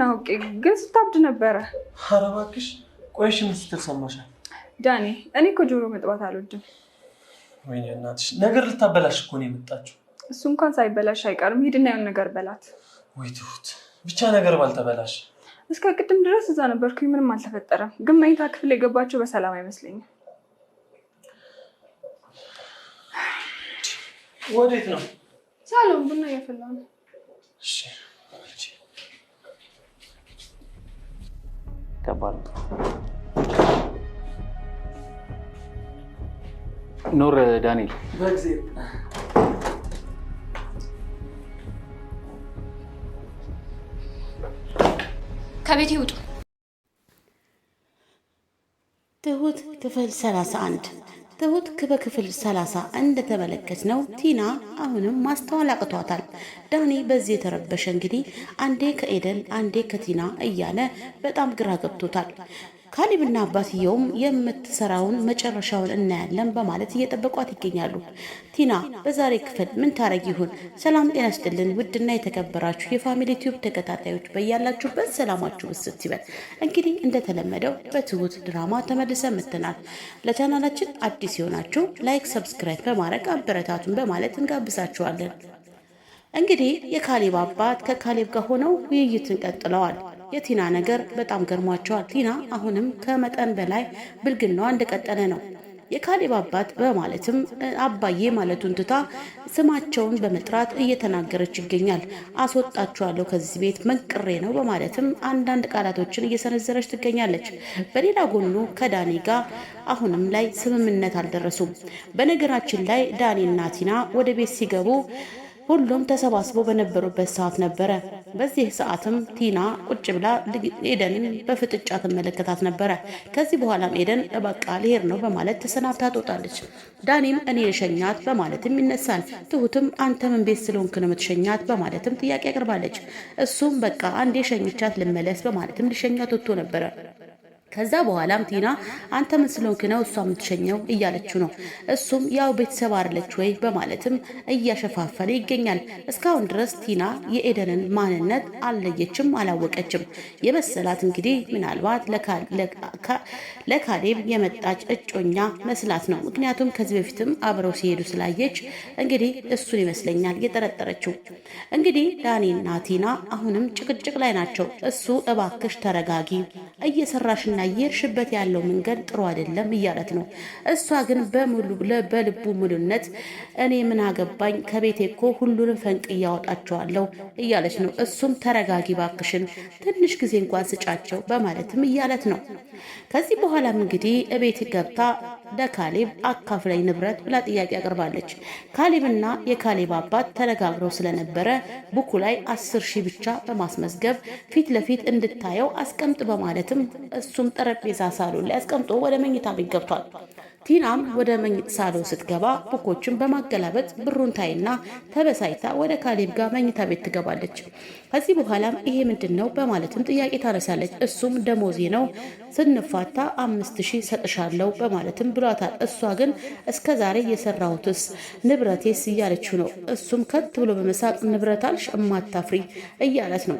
ምን አውቄ፣ ግን ስታብድ ነበረ። ኧረ እባክሽ ቆይሽ፣ ምን ስትል ሰማሻል? ዳኔ፣ እኔ እኮ ጆሮ መጥባት አልወድም። ወይኔ እናትሽ፣ ነገር ልታበላሽ እኮ ነው የመጣችው። እሱ እንኳን ሳይበላሽ አይቀርም። ሂድና የሆነ ነገር በላት። ወይ ትሁት፣ ብቻ ነገር ባልተበላሽ። እስከ ቅድም ድረስ እዛ ነበርኩኝ፣ ምንም አልተፈጠረም። ግን መኝታ ክፍል የገባቸው በሰላም አይመስለኝም። ወዴት ነው? ሳሎን ቡና እያፈላ ነው። ያስገባሉ። ኑር ዳንኤል ከቤት ይውጡ። ትሁት ክፍል 31 ትሁት በክፍል ሰላሳ እንደተመለከት ነው ቲና አሁንም ማስተዋል አቅቷታል። ዳኒ በዚህ የተረበሸ እንግዲህ አንዴ ከኤደን አንዴ ከቲና እያለ በጣም ግራ ገብቶታል። ካሊብና አባትየውም የምትሰራውን መጨረሻውን እናያለን በማለት እየጠበቋት ይገኛሉ። ቲና በዛሬ ክፍል ምን ታረግ ይሆን? ሰላም ጤና ስጥልን ውድና የተከበራችሁ የፋሚሊ ቲዩብ ተከታታዮች በያላችሁበት ሰላማችሁ ብስት ይበል። እንግዲህ እንደተለመደው በትሁት ድራማ ተመልሰ ምትናል። ለቻናላችን አዲስ የሆናችሁ ላይክ፣ ሰብስክራይብ በማድረግ አበረታቱን በማለት እንጋብዛችኋለን። እንግዲህ የካሊብ አባት ከካሊብ ጋር ሆነው ውይይትን ቀጥለዋል። የቲና ነገር በጣም ገርሟቸዋል። ቲና አሁንም ከመጠን በላይ ብልግናዋ እንደቀጠለ ነው። የካሌብ አባት በማለትም አባዬ ማለቱን ትታ ስማቸውን በመጥራት እየተናገረች ይገኛል። አስወጣችኋለሁ ከዚህ ቤት መቅሬ ነው በማለትም አንዳንድ ቃላቶችን እየሰነዘረች ትገኛለች። በሌላ ጎኑ ከዳኒ ጋር አሁንም ላይ ስምምነት አልደረሱም። በነገራችን ላይ እና ቲና ወደ ቤት ሲገቡ ሁሉም ተሰባስበው በነበሩበት ሰዓት ነበረ። በዚህ ሰዓትም ቲና ቁጭ ብላ ኤደንን በፍጥጫ ትመለከታት ነበረ። ከዚህ በኋላም ኤደን በቃ ልሄድ ነው በማለት ተሰናብታ ትወጣለች። ዳኒም እኔ የሸኛት በማለትም ይነሳል። ትሁትም አንተ ምን ቤት ስለሆንክ ነው የምትሸኛት በማለትም ጥያቄ አቅርባለች። እሱም በቃ አንዴ ሸኝቻት ልመለስ በማለትም ሊሸኛት ወጥቶ ነበረ። ከዛ በኋላም ቲና አንተ ምን ስለሆንክ ነው እሷ የምትሸኘው እያለችው ነው። እሱም ያው ቤተሰብ አለች ወይ በማለትም እያሸፋፈነ ይገኛል። እስካሁን ድረስ ቲና የኤደንን ማንነት አልለየችም፣ አላወቀችም። የመሰላት እንግዲህ ምናልባት ለካሌብ የመጣች እጮኛ መስላት ነው። ምክንያቱም ከዚህ በፊትም አብረው ሲሄዱ ስላየች እንግዲህ እሱን ይመስለኛል የጠረጠረችው። እንግዲህ ዳኒና ቲና አሁንም ጭቅጭቅ ላይ ናቸው። እሱ እባክሽ ተረጋጊ እየሰራሽ አሁን እየሄድሽበት ያለው መንገድ ጥሩ አይደለም እያለት ነው። እሷ ግን በልቡ ሙሉነት እኔ ምን አገባኝ ከቤቴ እኮ ሁሉንም ፈንቅ እያወጣቸዋለሁ እያለች ነው። እሱም ተረጋጊ ባክሽን፣ ትንሽ ጊዜ እንኳን ስጫቸው በማለትም እያለት ነው። ከዚህ በኋላም እንግዲህ እቤት ገብታ ለካሌብ አካፍለኝ ንብረት ብላ ጥያቄ አቅርባለች። ካሌብና የካሌብ አባት ተነጋግረው ስለነበረ ቡኩ ላይ አስር ሺህ ብቻ በማስመዝገብ ፊት ለፊት እንድታየው አስቀምጥ በማለትም እሱም ጠረጴዛ ሳሎን ላይ አስቀምጦ ወደ መኝታ ቤት ገብቷል። ቲናም ወደ መኝታ ሳሎን ስትገባ ቡኮችን በማገላበጥ ብሩን ታይና ተበሳይታ ወደ ካሌብ ጋር መኝታ ቤት ትገባለች። ከዚህ በኋላም ይሄ ምንድን ነው በማለትም ጥያቄ ታነሳለች። እሱም ደሞዜ ነው ስንፋታ አምስት ሺህ ሰጥሻለሁ በማለትም ብሏታል። እሷ ግን እስከ ዛሬ የሰራሁትስ ንብረቴስ እያለችው ነው። እሱም ከት ብሎ በመሳቅ አልሽ እማታፍሪ እያለት ነው።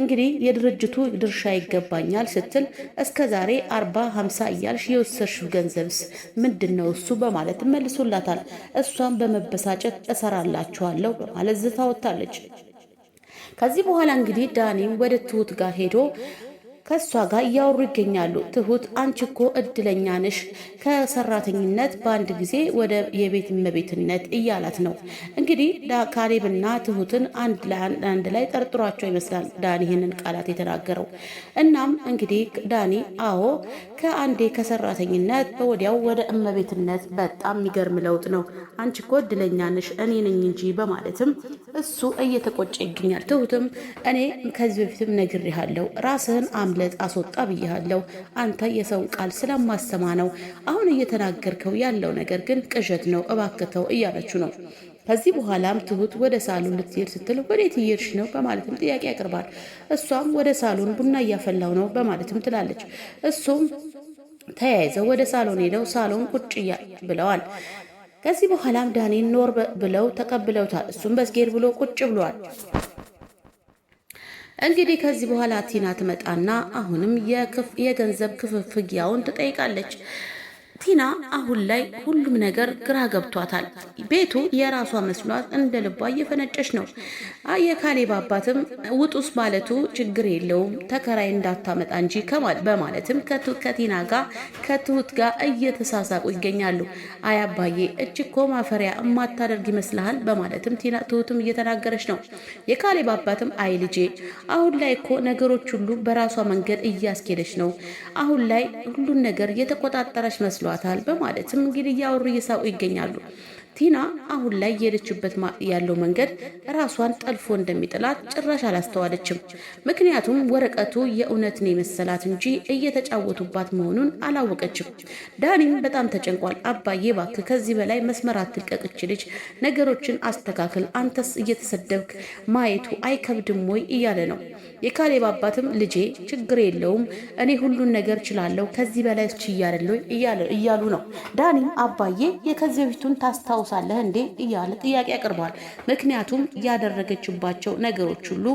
እንግዲህ የድርጅቱ ድርሻ ይገባኛል ስትል እስከ ዛሬ አርባ ሀምሳ እያልሽ የወሰድሽው ገንዘብስ ምንድን ነው እሱ በማለት መልሶላታል። እሷም በመበሳጨት እሰራላችኋለሁ በማለት ዝታወታለች። ከዚህ በኋላ እንግዲህ ዳኒም ወደ ትሁት ጋር ሄዶ ከእሷ ጋር እያወሩ ይገኛሉ። ትሁት አንቺ እኮ እድለኛ ነሽ፣ ከሰራተኝነት በአንድ ጊዜ ወደ የቤት እመቤትነት እያላት ነው። እንግዲህ ካሌብና ትሁትን አንድ ላይ ጠርጥሯቸው ይመስላል ዳኒ ይህንን ቃላት የተናገረው። እናም እንግዲህ ዳኒ አዎ ከአንዴ ከሰራተኝነት በወዲያው ወደ እመቤትነት በጣም የሚገርም ለውጥ ነው። አንቺ እኮ እድለኛ ነሽ እኔ ነኝ እንጂ በማለትም እሱ እየተቆጨ ይገኛል። ትሁትም እኔ ከዚህ በፊትም ነግሬሃለሁ ራስህን አምለጥ አስወጣ ብያለሁ። አንተ የሰውን ቃል ስለማሰማ ነው። አሁን እየተናገርከው ያለው ነገር ግን ቅዠት ነው፣ እባክተው እያለችው ነው። ከዚህ በኋላም ትሁት ወደ ሳሎን ልትሄድ ስትል ወዴት እየሄድሽ ነው በማለትም ጥያቄ ያቀርባል። እሷም ወደ ሳሎን ቡና እያፈላው ነው በማለትም ትላለች። እሱም ተያይዘው ወደ ሳሎን ሄደው ሳሎን ቁጭ ብለዋል። ከዚህ በኋላም ዳኔን ኖር ብለው ተቀብለውታል። እሱም በስጌድ ብሎ ቁጭ ብሏል። እንግዲህ ከዚህ በኋላ ቲና ትመጣና አሁንም የገንዘብ ክፍፍያውን ትጠይቃለች። ቲና አሁን ላይ ሁሉም ነገር ግራ ገብቷታል። ቤቱ የራሷ መስሏት እንደ ልቧ እየፈነጨች ነው። የካሌብ አባትም ውጡስ ማለቱ ችግር የለውም ተከራይ እንዳታመጣ እንጂ በማለትም ከቲና ጋር ከትሁት ጋር እየተሳሳቁ ይገኛሉ። አያባዬ እችኮ ማፈሪያ እማታደርግ ይመስልሃል? በማለትም ቲና ትሁትም እየተናገረች ነው። የካሌብ አባትም አይ ልጄ አሁን ላይ እኮ ነገሮች ሁሉ በራሷ መንገድ እያስኬደች ነው። አሁን ላይ ሁሉን ነገር የተቆጣጠረች መስሏል ይሏታል በማለትም እንግዲህ እያወሩ እየሳቁ ይገኛሉ። ቲና አሁን ላይ የሄደችበት ያለው መንገድ ራሷን ጠልፎ እንደሚጥላት ጭራሽ አላስተዋለችም። ምክንያቱም ወረቀቱ ነው የመሰላት እንጂ እየተጫወቱባት መሆኑን አላወቀችም። ዳኒም በጣም ተጨንቋል። አባዬ ባክህ ከዚህ በላይ መስመር አትልቀቅች፣ ልጅ ነገሮችን አስተካክል፣ አንተስ እየተሰደብክ ማየቱ አይከብድም ወይ እያለ ነው። የካሌብ አባትም ልጄ ችግር የለውም እኔ ሁሉን ነገር ችላለሁ፣ ከዚህ በላይ ችያለለ እያሉ ነው። ዳኒም አባዬ የከዚህ በፊቱን ታስታ ታስታውሳለህ እንዴ እያለ ጥያቄ ያቀርበዋል። ምክንያቱም ያደረገችባቸው ነገሮች ሁሉ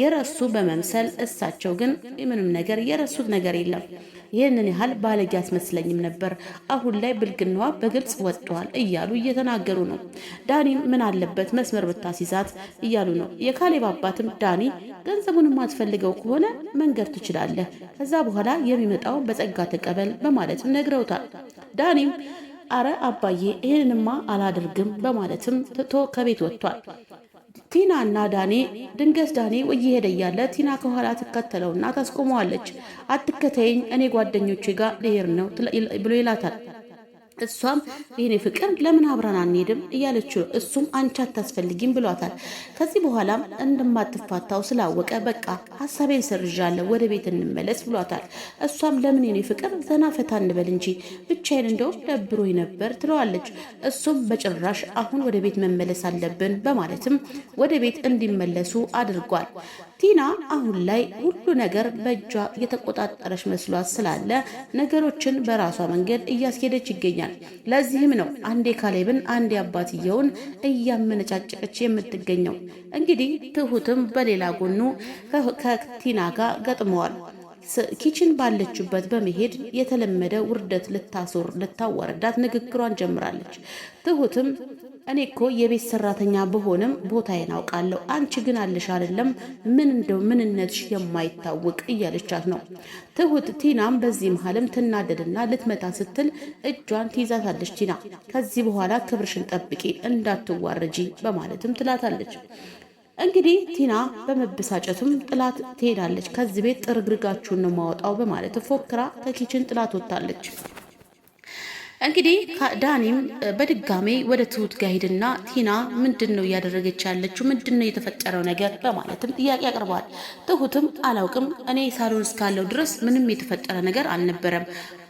የረሱ በመምሰል እሳቸው ግን ምንም ነገር የረሱት ነገር የለም። ይህንን ያህል ባለጌ አስመስለኝም ነበር። አሁን ላይ ብልግናዋ በግልጽ ወጥተዋል እያሉ እየተናገሩ ነው። ዳኒም ምን አለበት መስመር ብታስይዛት እያሉ ነው። የካሌብ አባትም ዳኒ ገንዘቡን የማትፈልገው ከሆነ መንገድ ትችላለህ፣ ከዛ በኋላ የሚመጣው በጸጋ ተቀበል በማለትም ነግረውታል። ዳኒም አረ አባዬ ይህንንማ አላደርግም በማለትም ትቶ ከቤት ወጥቷል። ቲና እና ዳኔ ድንገት ዳኔ እየሄደ እያለ ቲና ከኋላ ትከተለውና ታስቆመዋለች። አትከተይኝ፣ እኔ ጓደኞቼ ጋር ልሄድ ነው ብሎ ይላታል። እሷም የኔ ፍቅር ለምን አብረን አንሄድም እያለችው እሱም አንቺ አታስፈልጊም ብሏታል። ከዚህ በኋላም እንደማትፋታው ስላወቀ በቃ ሀሳቤን ሰርዣለሁ ወደ ቤት እንመለስ ብሏታል። እሷም ለምን የኔ ፍቅር ዘና ፈታ እንበል እንጂ ብቻዬን እንደውም ደብሮኝ ነበር ትለዋለች። እሱም በጭራሽ አሁን ወደ ቤት መመለስ አለብን በማለትም ወደ ቤት እንዲመለሱ አድርጓል። ቲና አሁን ላይ ሁሉ ነገር በእጇ የተቆጣጠረች መስሏት ስላለ ነገሮችን በራሷ መንገድ እያስኬደች ይገኛል። ይገኛል። ለዚህም ነው አንዴ ካሌብን አንዴ አባትየውን እያመነጫጨቀች የምትገኘው። እንግዲህ ትሁትም በሌላ ጎኑ ከቲና ጋር ገጥመዋል። ኪችን ባለችበት በመሄድ የተለመደ ውርደት ልታሶር ልታወረዳት ንግግሯን ጀምራለች። ትሁትም እኔ እኮ የቤት ሰራተኛ ብሆንም ቦታዬን አውቃለሁ፣ አንቺ ግን አለሽ አይደለም ምን እንደው ምንነትሽ የማይታወቅ እያለቻት ነው። ትሁት ቲናም በዚህ መሀልም ትናደድና ልትመታ ስትል እጇን ትይዛታለች። ቲና ከዚህ በኋላ ክብርሽን ጠብቂ እንዳትዋረጂ በማለትም ትላታለች። እንግዲህ ቲና በመበሳጨቱም ጥላት ትሄዳለች። ከዚህ ቤት ጥርግርጋችሁን ነው ማወጣው በማለት ፎክራ ከኪችን ጥላት ወጥታለች። እንግዲህ ዳኒም በድጋሜ ወደ ትሁት ጋር ሄድና ቲና ምንድን ነው እያደረገች ያለችው? ምንድን ነው የተፈጠረው ነገር በማለትም ጥያቄ አቅርበዋል። ትሁትም አላውቅም፣ እኔ ሳሎን እስካለው ድረስ ምንም የተፈጠረ ነገር አልነበረም።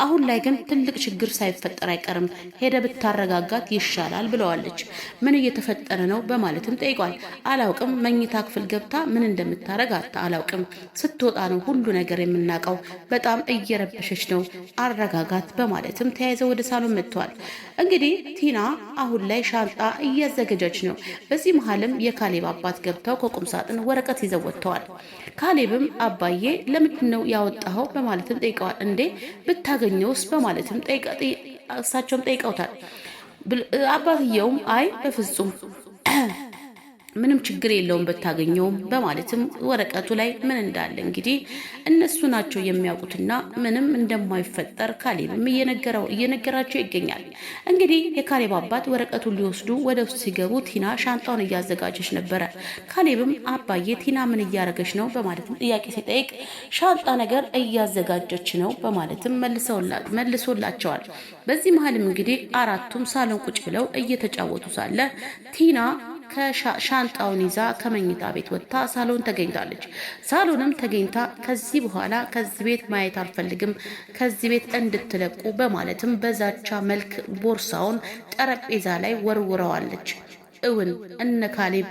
አሁን ላይ ግን ትልቅ ችግር ሳይፈጠር አይቀርም፣ ሄደ ብታረጋጋት ይሻላል ብለዋለች። ምን እየተፈጠረ ነው በማለትም ጠይቋል። አላውቅም፣ መኝታ ክፍል ገብታ ምን እንደምታረግ አላውቅም። ስትወጣ ነው ሁሉ ነገር የምናውቀው። በጣም እየረበሸች ነው፣ አረጋጋት በማለትም ተያይዘው ወደ ሆስፒታሉን መጥቷል። እንግዲህ ቲና አሁን ላይ ሻንጣ እያዘገጀች ነው። በዚህ መሀልም የካሌብ አባት ገብተው ከቁም ሳጥን ወረቀት ይዘው ወጥተዋል። ካሌብም አባዬ ለምንድን ነው ያወጣኸው በማለትም ጠይቀዋል። እንዴ ብታገኘውስ በማለትም እሳቸውም ጠይቀውታል። አባትየውም አይ በፍጹም ምንም ችግር የለውም ብታገኘውም በማለትም ወረቀቱ ላይ ምን እንዳለ እንግዲህ እነሱ ናቸው የሚያውቁትና ምንም እንደማይፈጠር ካሌብም እየነገራቸው ይገኛል። እንግዲህ የካሌብ አባት ወረቀቱን ሊወስዱ ወደ ውስጥ ሲገቡ ቲና ሻንጣውን እያዘጋጀች ነበረ። ካሌብም አባዬ ቲና ምን እያደረገች ነው በማለትም ጥያቄ ሲጠይቅ ሻንጣ ነገር እያዘጋጀች ነው በማለትም መልሶላቸዋል። በዚህ መሀልም እንግዲህ አራቱም ሳሎን ቁጭ ብለው እየተጫወቱ ሳለ ቲና ከሻንጣውን ይዛ ከመኝታ ቤት ወጥታ ሳሎን ተገኝታለች። ሳሎንም ተገኝታ ከዚህ በኋላ ከዚህ ቤት ማየት አልፈልግም፣ ከዚህ ቤት እንድትለቁ በማለትም በዛቻ መልክ ቦርሳውን ጠረጴዛ ላይ ወርውረዋለች። እውን እነ ካሌብ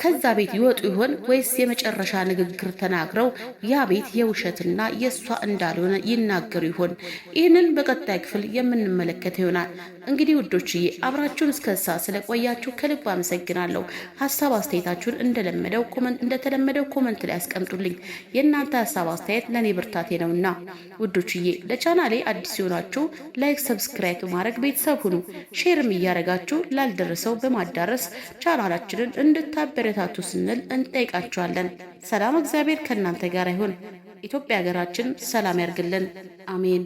ከዛ ቤት ይወጡ ይሆን ወይስ የመጨረሻ ንግግር ተናግረው ያ ቤት የውሸትና የእሷ እንዳልሆነ ይናገሩ ይሆን? ይህንን በቀጣይ ክፍል የምንመለከት ይሆናል። እንግዲህ ውዶችዬ አብራችሁን እስከሳ ስለቆያችሁ ከልብ አመሰግናለሁ። ሀሳብ አስተያየታችሁን እንደለመደው እንደተለመደው ኮመንት ላይ አስቀምጡልኝ የእናንተ ሀሳብ አስተያየት ለእኔ ብርታቴ ነውና ውዶችዬ፣ ለቻናሌ አዲስ ሲሆናችሁ ላይክ፣ ሰብስክራይብ ማድረግ ቤተሰብ ሁኑ። ሼርም እያደረጋችሁ ላልደረሰው በማዳረስ ቻናላችንን እንድታበረታቱ ስንል እንጠይቃችኋለን። ሰላም፣ እግዚአብሔር ከእናንተ ጋር ይሁን። ኢትዮጵያ ሀገራችን ሰላም ያርግልን። አሜን።